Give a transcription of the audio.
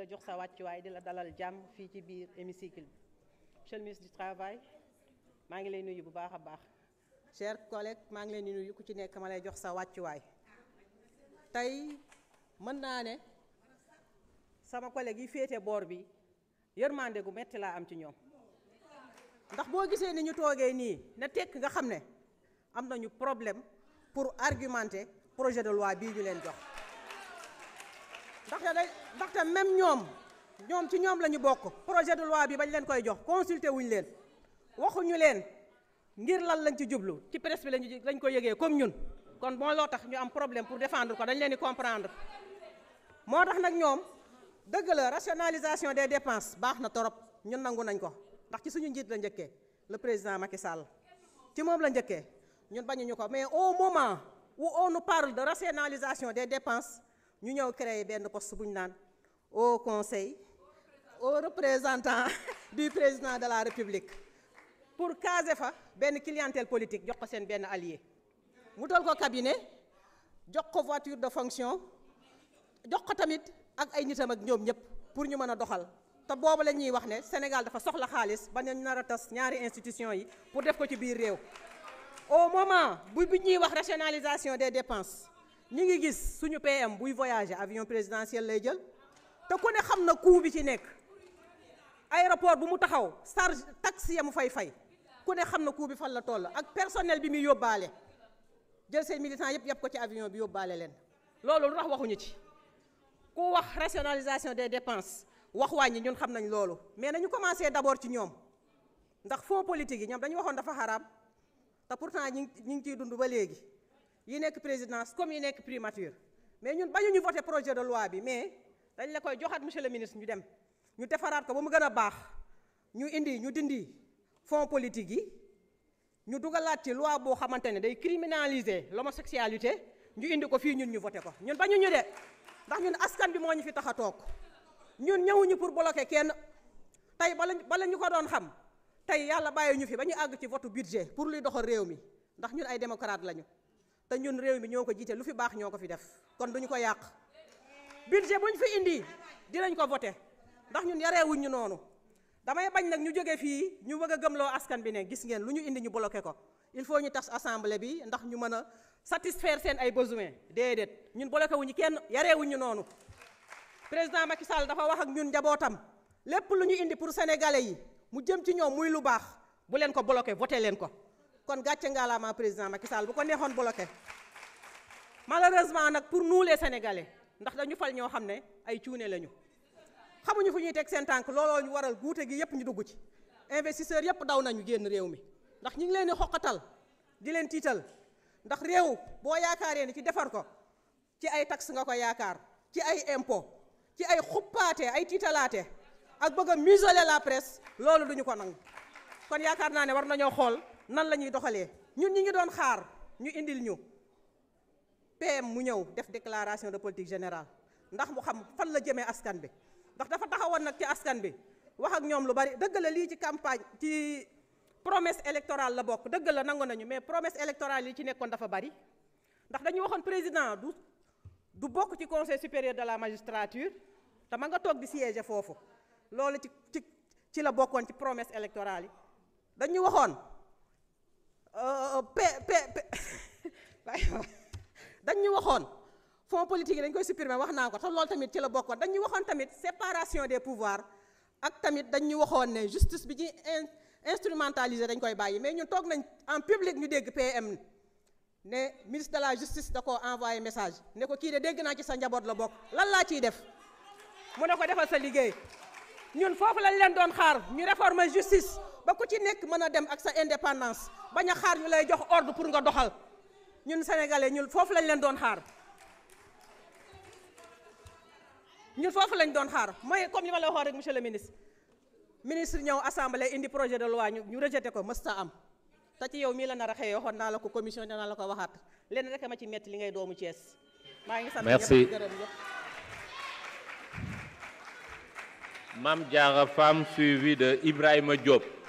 la jox sa wàccuwaay di la dalal jàmm fii ci biir hémicycle bi monsieur du travail maa ngi lay nuyu bu baax a baax cher collègues maa ngi lay nuyu ku ci nekk ma lay jox sa wàccuwaay tey mën naa ne sama collègue yi féete boor bi yërmande gu metti laa am ci ñoom ndax boo gisee ni ñu toogee nii na tekk nga xam ne am nañu problème pour argumenter projet de loi bii ñu leen jox ndaxte day ndaxte même ñoom ñoom ci ñoom la ñu bokk projet de loi bi bañ leen koy jox consulté wuñ leen waxuñu leen ngir lan lañ ci jublu ci presse bi lañu lañ ko yëgee comme ñun kon moo loo tax ñu am problème pour défendre ko dañ leen di comprendre moo tax nag ñoom dëgg la rationalisation des dépense baax na torop ñun nangu nañ ko ndax ci suñu njiit la njëkkee le président Macky Sall ci moom la njëkkee ñun bañuñu ko mais au moment où on nous parle de rationalisation des dépenses ñu ñëw créer benn poste bu ñu naan au conseil au représentant du président de la république pour caser fa benn clientèle politique jox ko seen benn allié mu dal ko cabinet jox ko voiture de fonction jox ko tamit ak ay nitam ak ñoom ñëpp pour ñu mën a doxal te boobu la ñuy wax ne Sénégal dafa soxla xaalis ba ñu nar tas ñaari institution yi pour def ko ci biir réew au moment bu bi ñuy wax rationalisation des dépenses ñi ngi gis suñu PM buy voyager avion présidentiel lay jël te ku ne xam na coût bi ci nekk aéroport bu mu taxaw sarge taxi ya mu fay fay ku ne xam na coût bi fan la toll ak personnel bi muy yóbbaale jël seen militant yëpp yàpp ko ci avion bi yóbbaale leen loolu lu tax waxuñu ci ku wax rationalisation des dépenses wax wàññi ñun xam nañ loolu mais nañu commencé d'abord ci ñoom ndax fonds politique yi ñoom dañu waxoon dafa xaraam te pourtant ñi ngi ciy dund ba léegi yi nekk présidence comme yi nekk primature mais ñun bañuñu voté projet de loi bi mais dañ la koy joxaat monsieur le ministre ñu dem ñu defaraat ko ba mu gën a baax ñu indi ñu dindi fonds politique yi ñu dugalaat ci loi boo xamante ne day criminaliser l'homosexualité ñu indi ko fii ñun ñu voté ko ñun bañuñu de ndax ñun askan bi moo ñu fi tax a toog ñun ñëwuñu pour bloquer kenn tey bala bala ñu ko doon xam tey yàlla bàyyi ñu fi ba ñu àgg ci votu budget pour luy doxal réew mi ndax ñun ay démocrate lañu te ñun réew mi ñoo ko jiite lu fi baax ñoo ko fi def kon duñu ko yàq budget ñu fi indi dinañ ko voté ndax ñun yareewuñ ñu noonu damay bañ nag ñu jóge fii ñu bëgg a gëmloo askan bi ne gis ngeen lu ñu indi ñu bloqué ko il faut ñu tas assemblée bi ndax ñu mën a satisfaire seen ay besoins déedéet ñun bloqué wuñu kenn yareewuñ ñu noonu président Macky Sall dafa wax ak ñun njabootam lépp lu ñu indi pour sénégalais yi mu jëm ci ñoom muy lu baax bu leen ko bloqué voté leen ko kon gàcce ngalaama président Macky Sall bu ko neexoon bloqué malheureusement nag pour nous les sénégalais ndax dañu fal ñoo xam ne ay cuune lañu xamuñu fu ñuy teg seen tànk looloo ñu waral guute gi yëpp ñu dugg ci investisseurs yëpp daw nañu génn réew mi ndax ñu ngi leen di xoqatal di leen tiital ndax réew boo yaakaaree ni ci defar ko ci ay taxe nga ko yaakaar ci ay impôt ci ay xuppaate ay tiitalaate ak bëgg a museler la presse loolu duñu ko nangu kon yaakaar naa ne war nañoo xool. nan la ñuy doxalee ñun ñi ñu doon xaar ñu indil ñu PM mu ñëw def déclaration de politique générale ndax mu xam fan la jëmee askan bi ndax dafa taxawoon nag ci askan bi wax ak ñoom lu bari dëgg la lii ci campagne ci promesse électorale la bokk dëgg la nangu nañu mais promesse électorale yi ci nekkoon dafa bari ndax dañu waxoon président du du bokk ci conseil supérieur de la magistrature te ma nga toog di siéger foofu loolu ci ci ci la bokkoon ci promesse électorale yi dañu waxoon. p euh, euh, p dañ ñu waxoon fonds politique yi dañ koy supprimer wax naa ko te loolu tamit ci la bokkoon dañ ñu waxoon tamit séparation des pouvoirs ak tamit dañ ñu waxoon ne justice bi ci ñuy instrumentaliser dañ koy bàyyi mais ñun toog nañ en public ñu dégg PM ne ministre de la justice da ko envoyé message ne ko kii de dégg naa ci sa njaboot la bokk lan laa ciy def mu ne ko defal sa liggéey ñun foofu lañu leen doon xaar ñu réformer justice ba ku ci nekk mën a dem ak sa indépendance bañ xaar ñu lay jox ordre pour nga doxal ñun sénégalais ñun foofu lañ leen doon xaar ñun foofu lañ doon xaar mooy comme li ma la waxoon rek monsieur le ministre ministre ñëw assemblée indi projet de loi ñu rejeté ko mësta am te ci yow mii la nar a xëyee waxoon naa la ko commission dina la ko waxaat lenn rek ma ci metti li ngay doomu Thiès maa ngi sant ñëpp gërëm ñëpp Mame Diarra Fam suivi de Ibrahima Diop